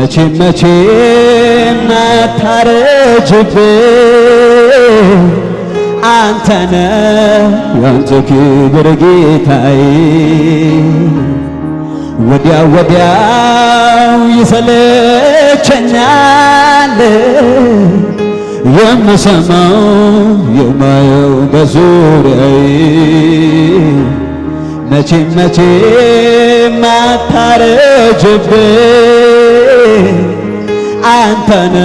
መቼም መቼም አታረጅብኝ አንተነ ያንተ ክብር ጌታዬ ወዲያ ወዲያው ይሰለቸኛል የምሰማው የማየው በዙሪያዬ መቼም መቼም አታረጅብኝ አንተነ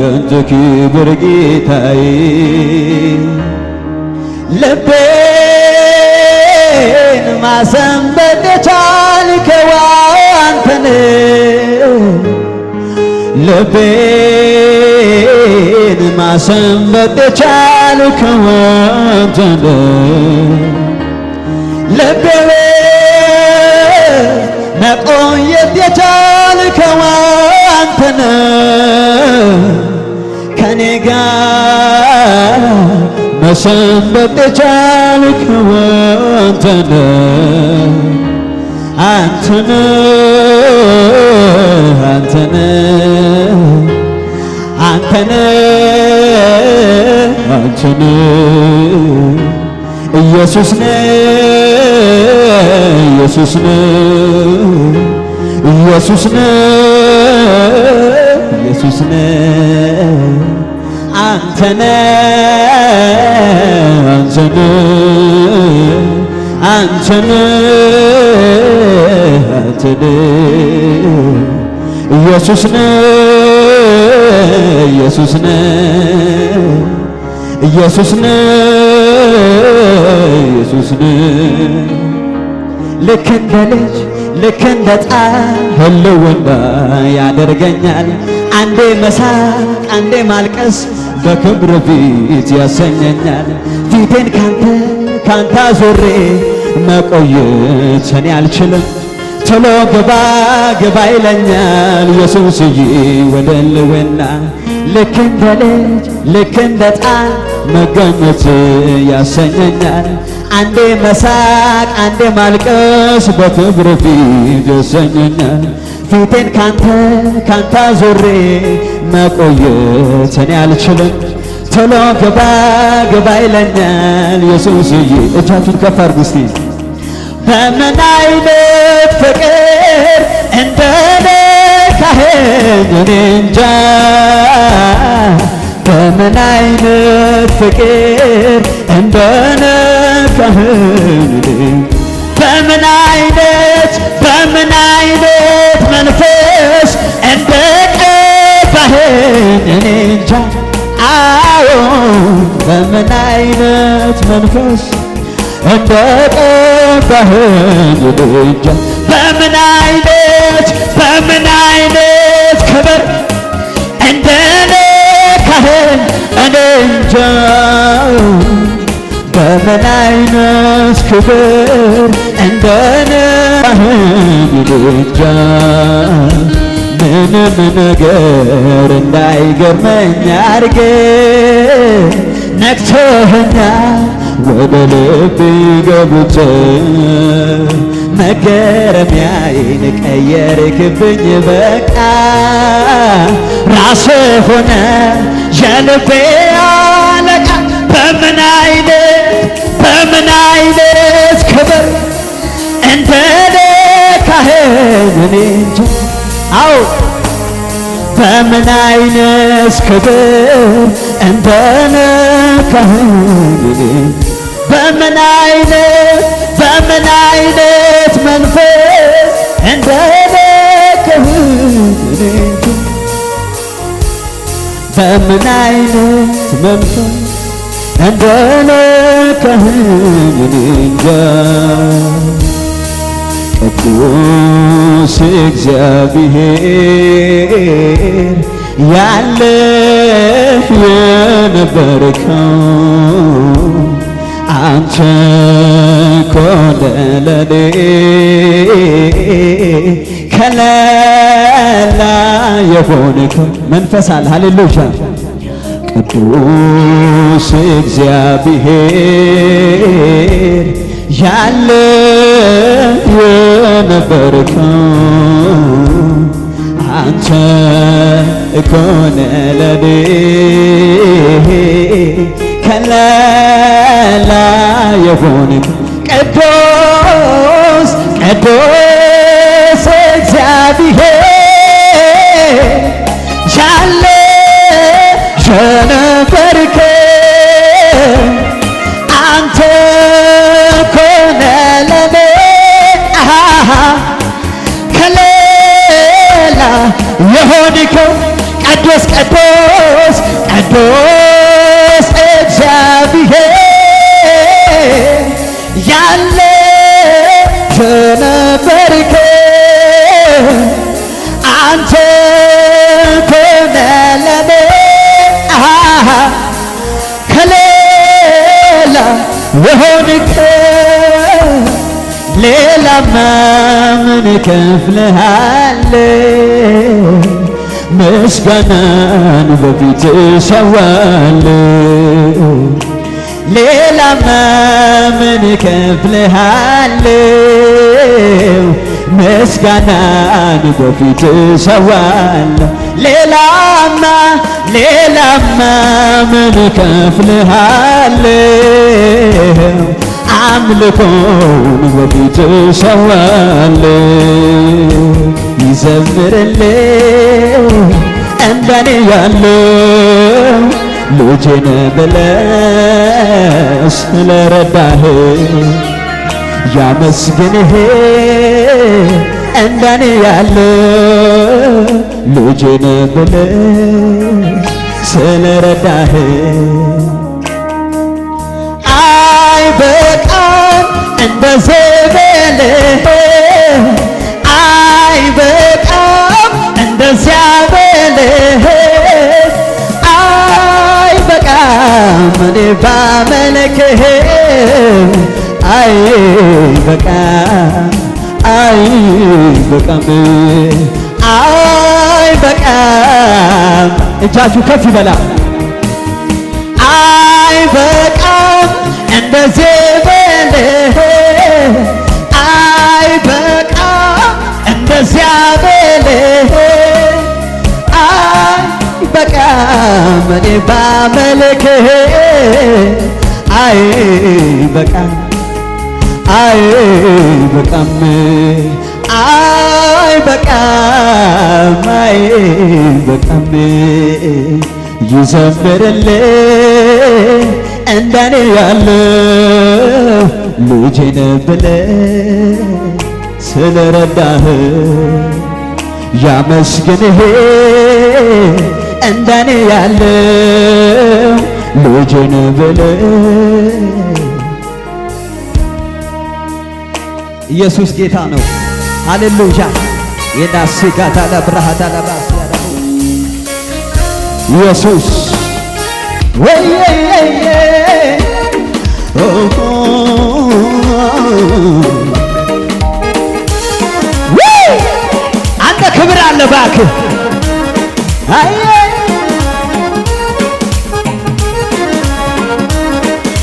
የአንተ ክብር ጌታዬ ልቤን ማሰንበት የቻልከው አንተነ ልቤን ማሰንበት የቻልከው አንተነ ልቤ መቆየት የቻ አንተነ ከኔ ጋር መሰንበት የቻልከው ኢየሱስ ኢየሱስ ኢየሱስ ኢየሱስ ነው አንተነ አንተነ አንተነ አንተነ ኢየሱስ ነው ኢየሱስ ነው ኢየሱስ ነው ኢየሱስ ነው ልክ እንደ ልጅ ልክ እንደ ጣር ህልውና ያደርገኛል። አንዴ መሳቅ አንዴ ማልቀስ በክብር ፊት ያሰኘኛል። ፊቴን ካንተ ካንተ አዞሬ መቆየት እኔ አልችልም። ቶሎ ግባ ግባ ይለኛል ኢየሱስዬ ወደ ህልውና ልክ እንደ ልጅ ልክ እንደ ጣር መገኘት ያሰኘኛል። አንዴ መሳቅ አንዴ ማልቀስ በክብር ፊት ያሰኘኛል። ፊቴን ካንተ ካንተ ዞሬ መቆየት እኔ አልችልም። ቶሎ ገባ ገባ ይለኛል ኢየሱስዬ። እጃችሁን ከፍ አድርጉ እስቲ። በምን አይነት ፍቅር እንደነካኸኝ እኔ እንጃ በምን አይነት የአንድነት ፍቅር እንደነካህን በምን አይነት በምን አይነት መንፈስ እንደቀባህን እኔ እንጃ። አዎ በምን አይነት መንፈስ እንደቀባህን እኔ እንጃ። በምን አይነት በምን አይነት ክብር እንጃ በምን አይነት ክብር እንደነህ ልጃ ምንም ነገር እንዳይገርመኝ አርጌ ነክቶህና ወደ ልብ ገብቼ መገረሚያዬን ቀየርክብኝ በቃ ራስህ ሆነ የልቤ በምን አይነት በምን አይነት ክብር እንደ ነካኸኝ እኔ እንጃ። አዎ በምን አይነት ክብር እንደ ነካኸኝ እኔ በምን አይነት በምን አይነት መንፈስ እንደ ነካኸኝ እኔ እንጃ በምን አይነት መንፈስ እንደ ነካኸኝ እኔ እንጃ ቅዱስ እግዚአብሔር ያለህ የነበርከው አንተ ኮነ ከለላ የሆንከው መንፈስ አለ። ሃሌሉያ ቅዱስ እግዚአብሔር ያለ የነበርከው አንተ እኮነ ለኔ ከለላ የሆንክ ቅዱስ ቅዱስ ቅዱስ እግዚአብሔር ያለ ከነበርክ አንተ ከነለኔ ከሌላ የሆንክ ሌላ ማምን ከፍልሃለ ምስጋናን በፊት ሸዋል ሌላማ ምን ከፍልሃለው? ምስጋናን በፊት ሸዋል ሌላማ ሌላማ ምን ከፍልሃለው አምልኮውን በፊት ሰዋለ ይዘምርል እንደኔ ያለ ልጄን ብለህ ስለረዳህ ያመስግንህ እንደኔ ያለው ልጄን ብለህ ስለረዳህ እንደ ዘበል አይበቃም እንደዚያ በል አይበቃም እኔ ባመልክህ አይበቃም አይበቃም እጃችሁ ከፍ ይበላ አይበቃም እንደዚህ ያለህ አይበቃ እንደዚያ በልህ አይበቃ እኔ ባመልክህ አይበቃ አይበቃም አይበቃም አይበቃም እንደኔ ያለ ልጄን ብለ ስለረዳህ ያመስግንህ እንደኔ ያለው ልጄን ብለ ኢየሱስ ጌታ ነው። ሃሌሉያ የናስጋታላ ብርሃታላባስ ኢየሱስ ወየየየ አንተ ክብር አለ እባክህ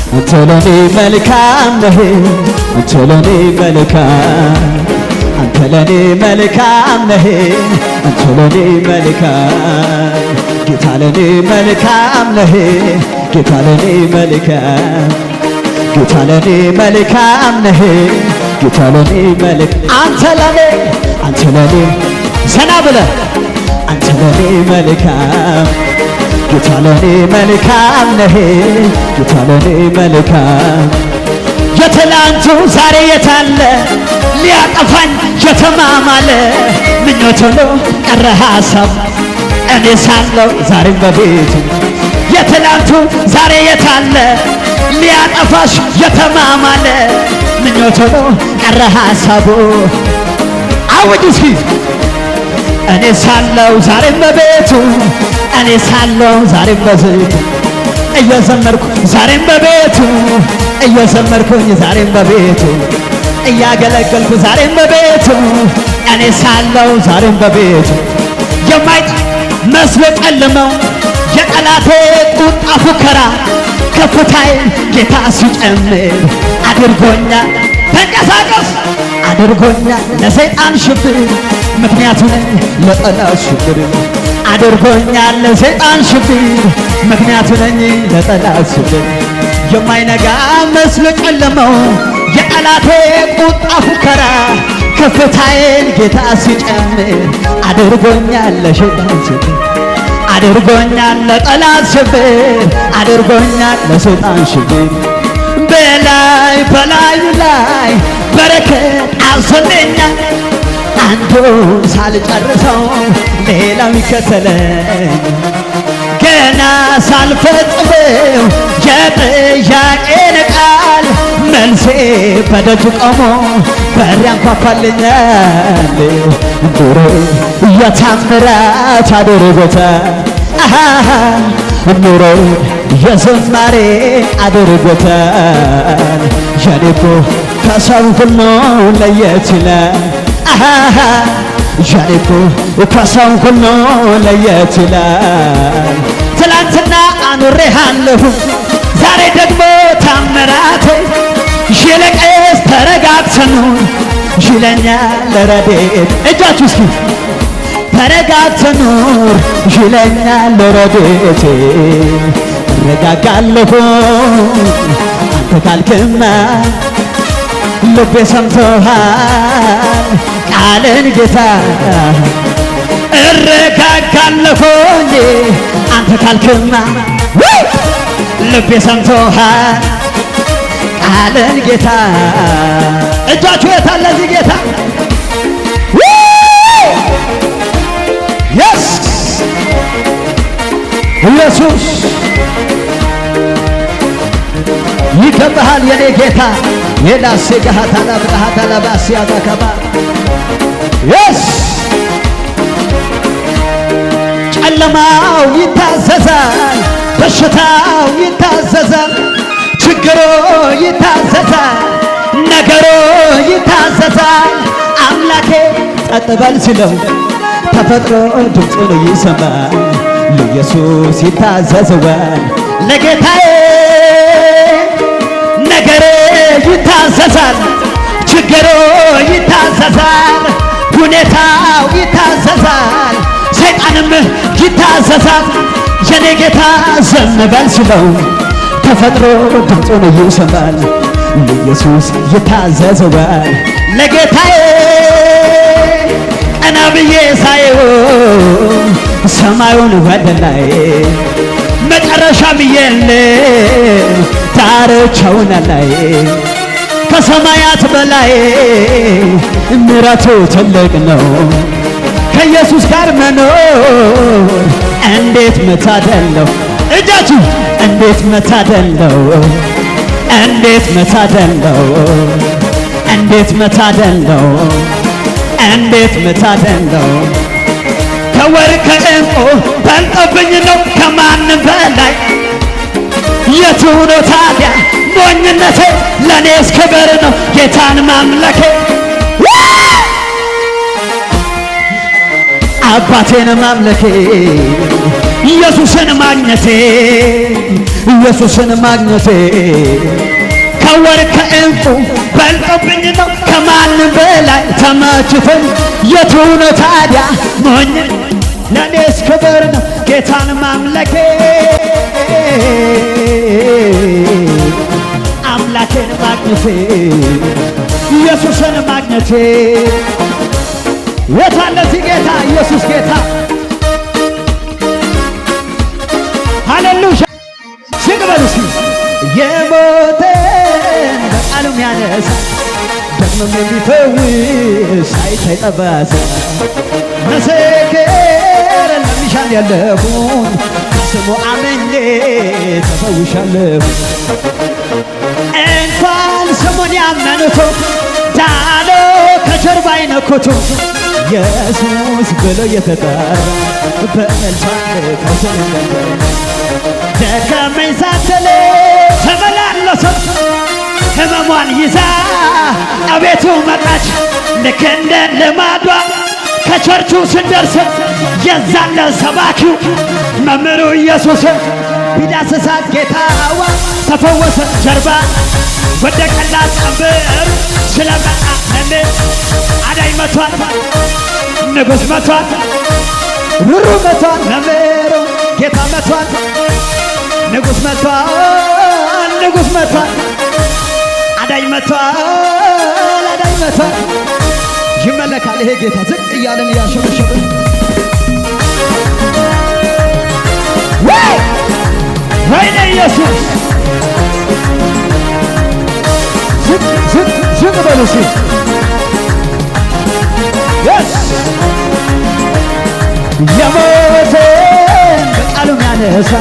አንተ ለኔ መልካም ነህ አንተ ለኔ መልካም አንተ ለኔ መልካም ነህ አንተ ለኔ መልካም ጌታ ለኔ መልካም ነህ ጌታ ለኔ መልካም ጌታ ለኔ መልካም ነህ፣ ጌታ ለኔ መልካም አንተ ለኔ አንተ ለኔ ዘና ብለ አንተ ለኔ መልካም ጌታ ለኔ መልካም ነህ፣ ጌታ ለኔ መልካም የትላንቱ ዛሬ የታለ ሊያጠፋኝ የተማማለ ምኞት ሆኖ ቀረ ሀሳብ እኔ ሳለው ዛሬም በቤቱ የትላንቱ ዛሬ የታለ ሊያጠፋሽ የተማማለ ምኞቶ ቀረ ሀሳቡ አውጅ እስኪ እኔ ሳለው ዛሬም በቤቱ እኔ ሳለው ዛሬም በቤቱ እየዘመርኩ ዛሬም በቤቱ እየዘመርኩኝ ዛሬም በቤቱ እያገለገልኩ ዛሬም በቤቱ እኔ ሳለው ዛሬም በቤቱ የማይ መስሎ ጠልመው የጠላቴ ቁጣ ፉከራ ከፍታይ ጌታ ሲጨምር አድርጎኛ ተንቀሳቀስ አድርጎኛ ለሰይጣን ሽብር ምክንያቱ ነኝ ለጠላት ሽብር አድርጎኛ ለሰይጣን ሽብር ምክንያቱ ነኝ ለጠላት ሽብር የማይነጋ መስሎ ጨለመው የጠላቴ ቁጣ ፉከራ ከፍታዬን ጌታ ሲጨምር አድርጎኛ ለሸይጣን ሽብር አድርጎኛል ለጠላት ሽብር አድርጎኛል ለሰይጣን ሽብር በላይ በላዩ ላይ በረከት አብሶልኛል አንዱ ሳልጨርሰው ሌላው ይከተለኝ ገና ሳልፈጽመው የጥያቄ ነቃ መልሴ በደጅ ቆሞ በር ያንኳኳልኛል ጆሮ የታምራት አድርጎታል ኑሮ የዝማሬ አድርጎታል የኔ ከሰው ሁሉ ለየት ይላል የኔ ከሰው ሁሉ ለየት ይላል ትላንትና አኑሬሃለሁ ዛሬ ደግሞ ታምራቴ ሽለቀስ ተረጋግተን ይለኛል ረድኤት እጃችሁ እስኪ ተረጋግተን ይለኛል ረድኤቴ እረጋጋለሁ አንተ ካልክማ ልቤ ሰምቶሃል ቃልን ጌታ እረጋጋለሁ አንተ ካልክማ ልቤ ሰምቶሃል አለን ጌታ። እጃችሁ የታለ እዚህ ጌታ የስ ኢየሱስ ይገባሃል የኔ ጌታ የላሴ ጋሃታላ ብልሃታላ ባስያዛከባ የስ ጨለማው ይታዘዛል፣ በሽታው ይታዘዛል ችግሮ ይታዘዛል፣ ነገሮ ይታዘዛል። አምላኬ ጸጥ በል ሲለው ተፈጥሮ ድምፁን ይሰማል። ለኢየሱስ ይታዘዘዋል። ለጌታዬ ነገሬ ይታዘዛል፣ ችግሮ ይታዘዛል፣ ሁኔታው ይታዘዛል፣ ሰይጣንም ይታዘዛል። የኔ ጌታ ዘንበል ሲለው ተፈጥሮ ድምፁን ይሰማል። ለኢየሱስ ይታዘዘዋል። ለጌታዬ ቀና ብዬ ሳየው ሰማዩን ወደ ላይ መጨረሻ ብዬለ ዳርቻውን ላይ ከሰማያት በላይ ምረቱ ትልቅ ነው። ከኢየሱስ ጋር መኖር እንዴት መታደል ነው። እጃችሁ እንዴት መታደል ነው! እንዴት መታደል ነው! እንዴት መታደል ነው! እንዴት መታደል ከወርቅ ከዕንቁ በልጦብኝ ነው ከማንም በላይ የቱ ነው ታዲያ ሞኝነቴ? ለእኔስ ክብር ነው ጌታን ማምለኬ አባቴን ማምለኬ ኢየሱስን ማግኘቴ ኢየሱስን ማግኘቴ ከወር ከእንቁ በልጦብኝ ነው ከማንም በላይ ተመችቶኝ የቱ ነው ታዲያ ሞኝ ለእኔስ ክብር ነው ጌታን ማምለኬ አምላኬን ማግኘቴ ኢየሱስን ማግኘቴ የታለዚህ ጌታ ኢየሱስ የሚፈውስ ደግሞም የሚፈውስ አይተጠበሰ መሰከረ ለምሻል ያለሁን ስሙ አምኜ ተፈውሻለሁ። እንኳን ስሙን ያመኑት ዳሎ ከጀርባ አይነኩቱ ኢየሱስ ብሎ የተጠራ በእልልታ ከስሙ ደከመኝ ሳትል ተመላለሰ ህመሟን ይዛ አቤቱ መጣች ልክ እንደ ልማዷ ከቸርቹ ስንደርስ የዛለ ሰባኪው መምህሩ ኢየሱስ ቢዳስሳት ጌታዋ ተፈወሰ ጀርባ ወደ ቀላል ስለመጣ ስለመጣለን አዳይ መቷል፣ ንጉሥ መቷል፣ ምሩ መቷል፣ መምህሩ ጌታ መቷል፣ ንጉሥ መቷል፣ ንጉሥ መቷል አዳኝ መቷል፣ አዳኝ መቷል። ይመለካል ይሄ ጌታ ዝቅ እያለን እያሸበሸበ ወይነ ኢየሱስ ዝቅ ዝቅ ዝቅ በሉ ሲ የሞተን በቃሉም ያነሳ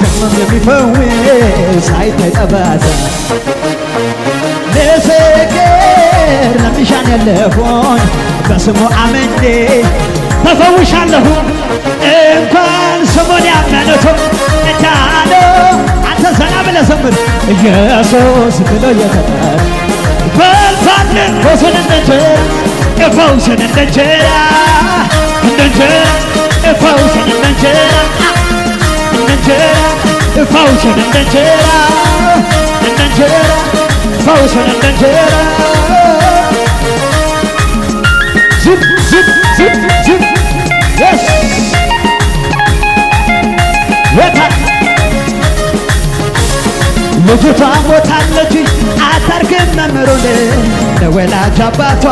ደግሞም የሚፈውስ አይታይ ጠባሳ ለፍቅር ለምሻን ያለሆን በስሙ አመንዴ ተፈውሻለሁ እንኳን ስሙን ያመኑት እዳለ አንተ ዘና ብለህ ዘምር ኢየሱስ ብሎ የተጠራ በልቷልን ሞቱን እንደ ፈውስን እንደ እንጀራ ፈውስን እንደ እንጀራ ፈውስን እንደ እንጀራ ፈውስን እንደ እንጀራ ዝም ዝም ዝም ዝም የስ ወታ ልጅቷ ሞታለች አታርክም መምህሩን ለወላጅ አባቷ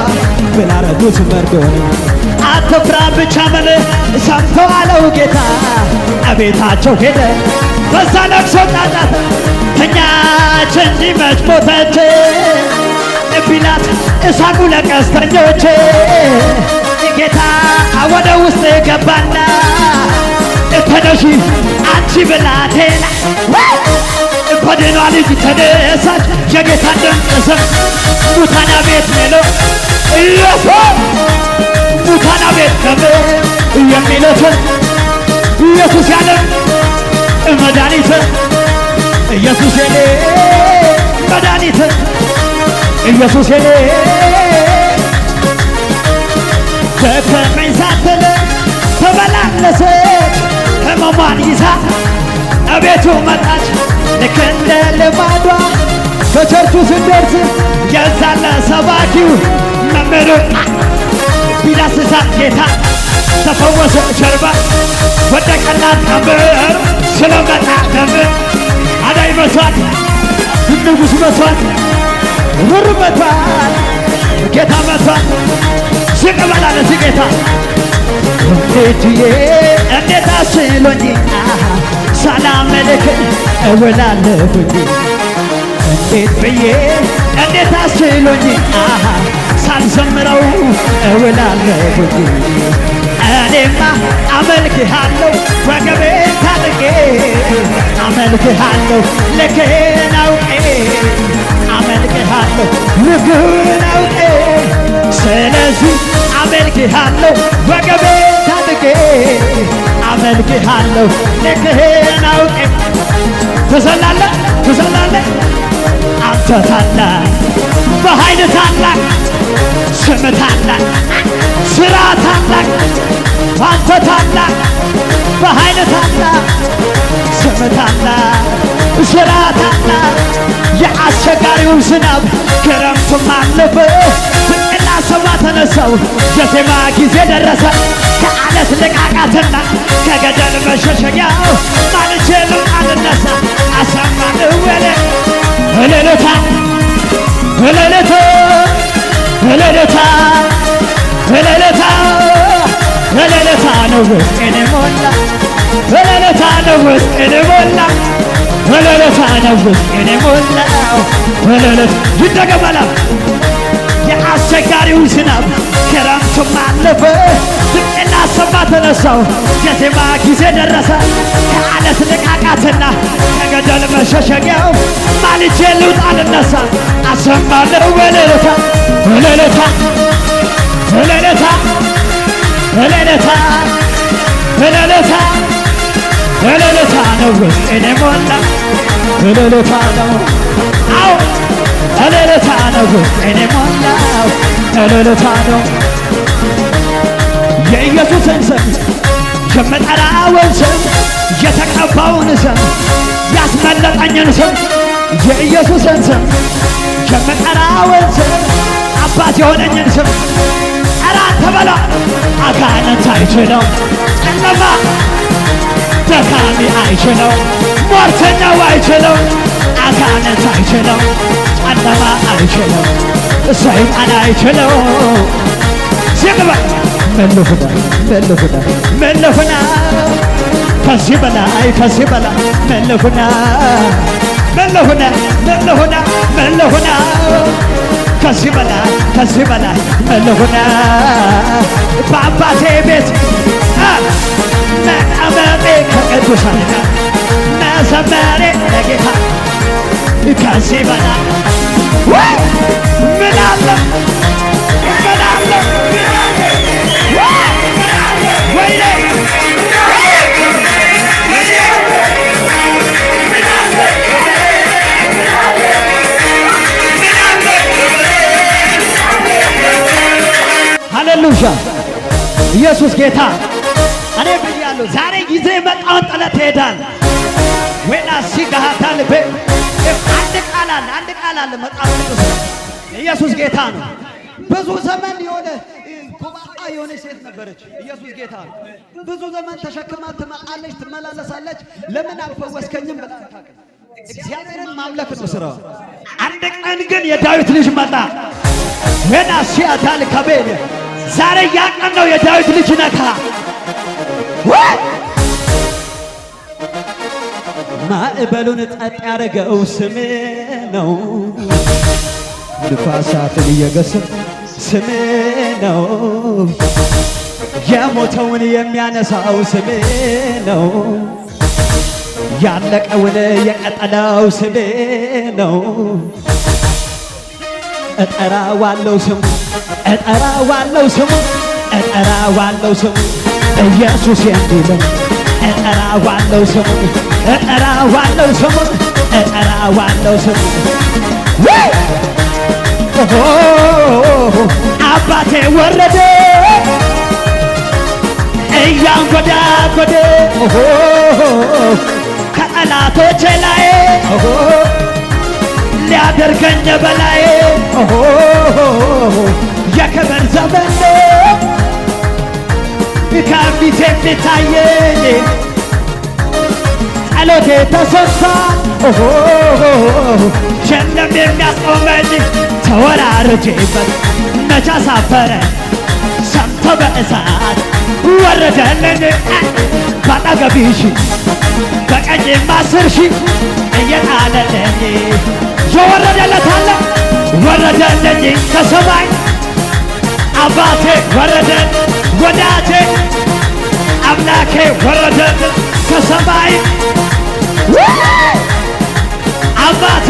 ብላረጉት መርዶን አትፍራ ብቻ መል ሰምተው አለው ጌታ እቤታቸው ሄደ በዛ ለቅሶ ጣጣት ተኛች እንጂ ሞተች ቢላት እሳቱ ለቀስተኞች ጌታ ወደ ውስጥ ገባና ተነሺ አንቺ ብላቴና የጎዳና ልጅ ተነሳች፣ የጌታ ደንቀሰ ሙታና ቤት ነው እየሰ ሙታና ቤት ከብር የሚለፈ ኢየሱስ ያለ መድኃኒት ኢየሱስ የኔ መድኃኒት ኢየሱስ የኔ ደከመኝ ሳትል ተመላለሰች ሕመሟን ይዛ እቤቱ መጣች። ልክ እንደ ልማዷ በቸርቹ ስንደርስ የዛለ ሰባኪው መምህሩ ቢዳስሳት ጌታ ተፈወሰ ጀርባ ወደቀና ቀብር ስለመጣ ደብር አዳይ መሷት ንጉሥ መሷት ውር መቷት ጌታ መቷት ዝቅ በላለች ጌታ ወንጌጅዬ እንዴት አስሎኝ ሳላመልክ እውላለሁ እንዴት ብዬ እንዴት አስችሎኝ አሃ ሳልዘምረው እውላለሁ እኔማ አመልክሃለሁ ወገቤ ታጥቄ አመልክሃለሁ ልክህን አውቄ አመልክሃለሁ ልክህን አውቄ ስለዚህ አመልክሃለሁ ወገቤ ታጥቄ አመልክሃለሁ ልክህን አውቄ ትዘላለ ትዘላለ አንተ ታላቅ በኃይል ታላቅ ስም ታላቅ ስራ ታላቅ አንተ ታላቅ በኃይል ታላቅ ስም ታላቅ ስራ ታላቅ የአስቸጋሪውን ዝናብ ክረምትም አለፈ ተነሳው የዜማ ጊዜ ደረሰ ከአለት ልቃቃትና ከገደል መሸሸጊያው ማንችልም አልነሳ አሰማንው እወለ እልልታ እልልታ እልልታ እልልታ እልልታ ነው ውስጤን ሞላ እልልታ ነው ውስጤን ሞላ እልልታ ነው ውስጤን ሞላ እልልታ ይደገመላል አስቸጋሪውን ዝናብ ክረምቱም አለፈ ድምጤና ሰማ ተነሳው የዜማ ጊዜ ደረሰ ከአለት ንቃቃትና ከገደል መሸሸጊያው ማልቼ ልውጣ ልነሳ አሰማለሁ እልልታ እልልታ እልልታ እልልታ እልልታ እልልታ ነው ውስጤን የሞላ እልልታ ነው አዎ እልልታ ነው ጉጤን የሞላው እልልታ ነው የኢየሱስን ስም የምጠራውን ስም የተቀባውን ስም ያስመለጠኝን ስም የኢየሱስን ስም የምጠራውን ስም አባት የሆነኝን ስም ጠራ ተበላ አጋንንት አይችለው ጨለማ ደካሚ አይችለው ሟርተኛው አይችለው አጋንንት አይችለው ጨለማ አይችለው ሰይጣን አይችለው ሲግባ መለፍና መለፍና መለፍና ከዚህ በላይ ከዚህ በላይ መለፍና መለፍና መለፍና መለፍና ከዚህ በላይ ከዚህ በላይ መለፍና በአባቴ ቤት መቀመጤ ከቅዱሳን ጋር መዘመሬ ለጌታ ከዚህ በላይ ምን አለ ሃሌሉያ ኢየሱስ ጌታ እኔ ብያለሁ ዛሬ ጊዜ የመጣውን ጠላት ይሄዳል። ዌናሲ ጋሃታ ልቤ አንድ ቃል አለ፣ አንድ ቃል አለ። መጽሐፍ ቅዱስ ኢየሱስ ጌታ ነው። ብዙ ዘመን የሆነ ኮባጣ የሆነች ሴት ነበረች። ኢየሱስ ጌታ ነው። ብዙ ዘመን ተሸክማ ትመጣለች፣ ትመላለሳለች። ለምን አልፈወስከኝም? በጣም እግዚአብሔርን ማምለክ ነው ስራው። አንድ ቀን ግን የዳዊት ልጅ መጣ። ዌናሲ አታል ከቤ ዛሬ ያቀን ነው የዳዊት ልጅ ነካ ማዕበሉን ጠጥ ያደረገው ስም ነው። ንፋሳትን እየገሰጸ ስም ነው። የሞተውን የሚያነሳው ስም ነው። ያለቀውን የቀጠለው ስሜ ነው። እጠራዋለሁ ስሙ እጠራዋለሁ ስሙ እጠራዋለሁ ስሙ ኢየሱስ የሚለው እጠራዋለሁ ስሙን እጠራዋለሁ ስሙን እጠራዋለሁ ስሙን አባቴ ወረደ እያንጎዳጎደ ከጠላቶቼ ላይ ሊያደርገኝ በላይ የክብር ዘመን ከፊት የሚታየኝ ጸሎቴ ተሰሳ ሸለም የሚያስቆመኝ ተወራርጄበት መቻ ሳፈረ ሰምቶ በእሳት ወረደልኝ ባጠገቢ ሺህ በቀኝም አስር የወረደለታለ ወረደልኝ ከሰማይ አባቴ ወረደልኝ ወዳጄ አምላኬ ወረደ ከሰማይ አባቴ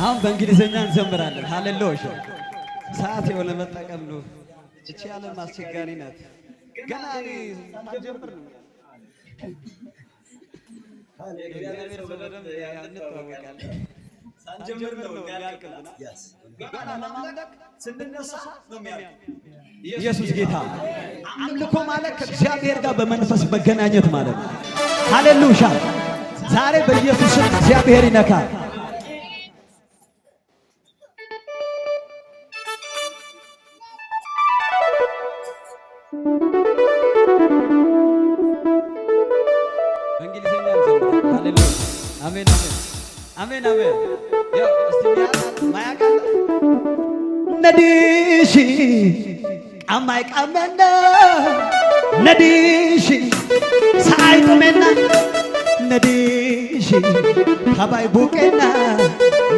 አሁን በእንግሊዝኛ እንዘምራለን። ሀሌሎሽ ሰዓት የሆነ መጠቀም ነው። እቺ ዓለም አስቸጋሪ ናት። ገና ጀምር ነው ሳንጀምር ኢየሱስ ጌታ። አምልኮ ማለት ከእግዚአብሔር ጋር በመንፈስ መገናኘት ማለት ነው። ሃሌሉያ! ዛሬ በኢየሱስም እግዚአብሔር ይነካል። አሜን አሜን። ነዲሽ ነዲሽ ሰአይ ነዲሽ ተባይ ቡቄና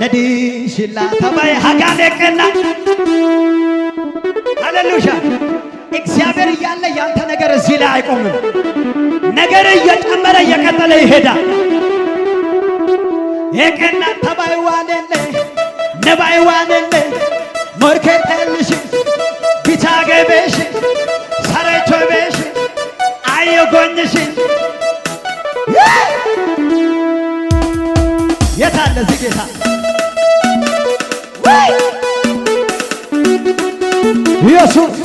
ነዲሽላ ተባይ ሀጋሌቄና ሃሌሉያ እግዚአብሔር እያለ ያንተ ነገር እዚህ ላይ አይቆምም። ነገር እየጨመረ እየቀጠለ ይሄዳል። የቀና ተባይ ዋለለ ነባይ ዋለለ ሞርከተልሽ ቢታገበሽ ሰረቾበሽ አየጎኝሽ የታለ እዚህ ጌታ ኢየሱስ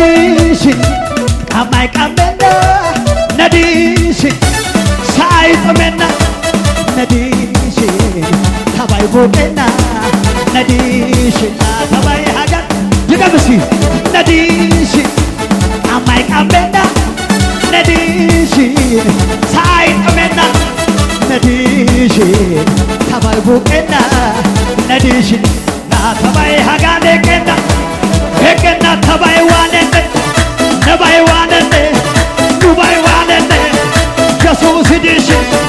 ፊትሽ ከማይቀመና ነዲሽ ሳይጥምና ነዲሽ ተባይ ቦቄና ነዲሽ ተባይ ሀገር ይቀምሲ ነዲሽ ከማይቀመና ነዲሽ ሳይጥምና ነዲሽ ተባይ ቦቄና ነዲሽ ተባይ ሀገር siento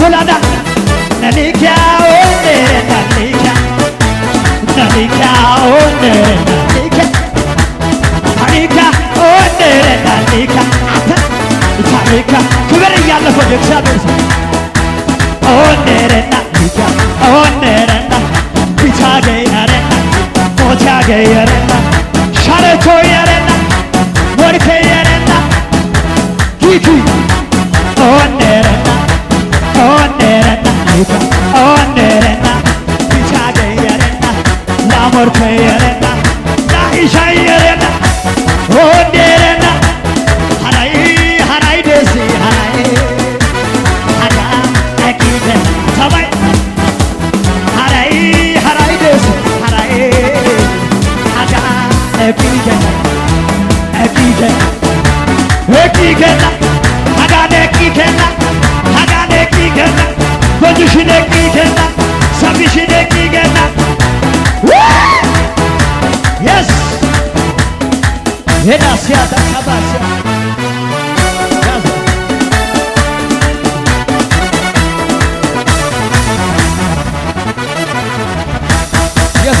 ክብር እያለፈ የእግዚአብሔር ሰው ኦኔረና ኦኔረና ፊቻ ገየረና ሞቻ ገየረና ሻረቾ የረ ഓർക്കയരണ്ട ദാഹിഷയരണ്ട ഓടേരണ്ട ഹനായി ഹനായി ദേശി ഹനായി ഹനാ അക്കിദൻ സബൈ ഹനായി ഹനായി ദേശി ഹനായി ഹനാ അക്കിദൻ അക്കിദൻ അക്കിദൻ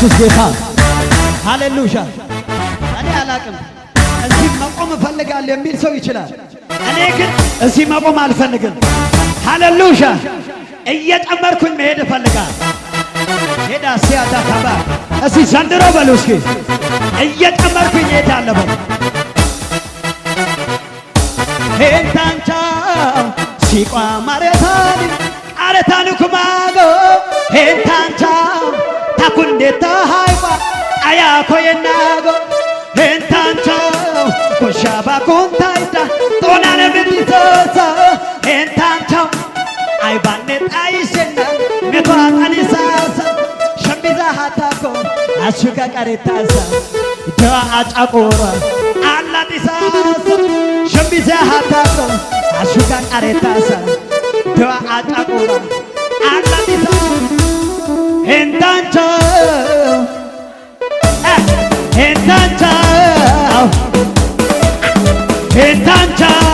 ኢየሱስ ጌታ ሃሌሉያ። እኔ አላቅም እዚህ መቆም እፈልጋለሁ የሚል ሰው ይችላል። እኔ ግን እዚህ መቆም አልፈልግም። ሃሌሉያ። እየጨመርኩኝ መሄድ እፈልጋል። ሄዳ ሲያታ ታባ እዚህ ዘንድሮ በሉ እስኪ እየጨመርኩኝ እሄዳለሁ። ሄንታንቻ ሲቋ ማሬታኒ አረታኒ ኩማጎ ሄንታንቻ takunde ta haiwa aya koye nago entancho kushaba kuntaita tonane mitizozo entancho aibanet aishena mikwan anisasa shambiza hatako ashuka karetasa doa achakora alatisasa shambiza hatako ashuka karetasa doa achakora ሄታንቻው ሄታንቻው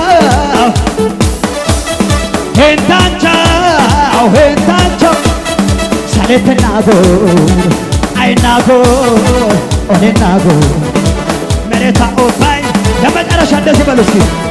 ሄታንቻው ሄታንቻው ሳሌትናጎ አይናጎ ኦኔናጎ መሬታ ኦታይ ለመጨረሻ እንደዚህ በሉ እስኪ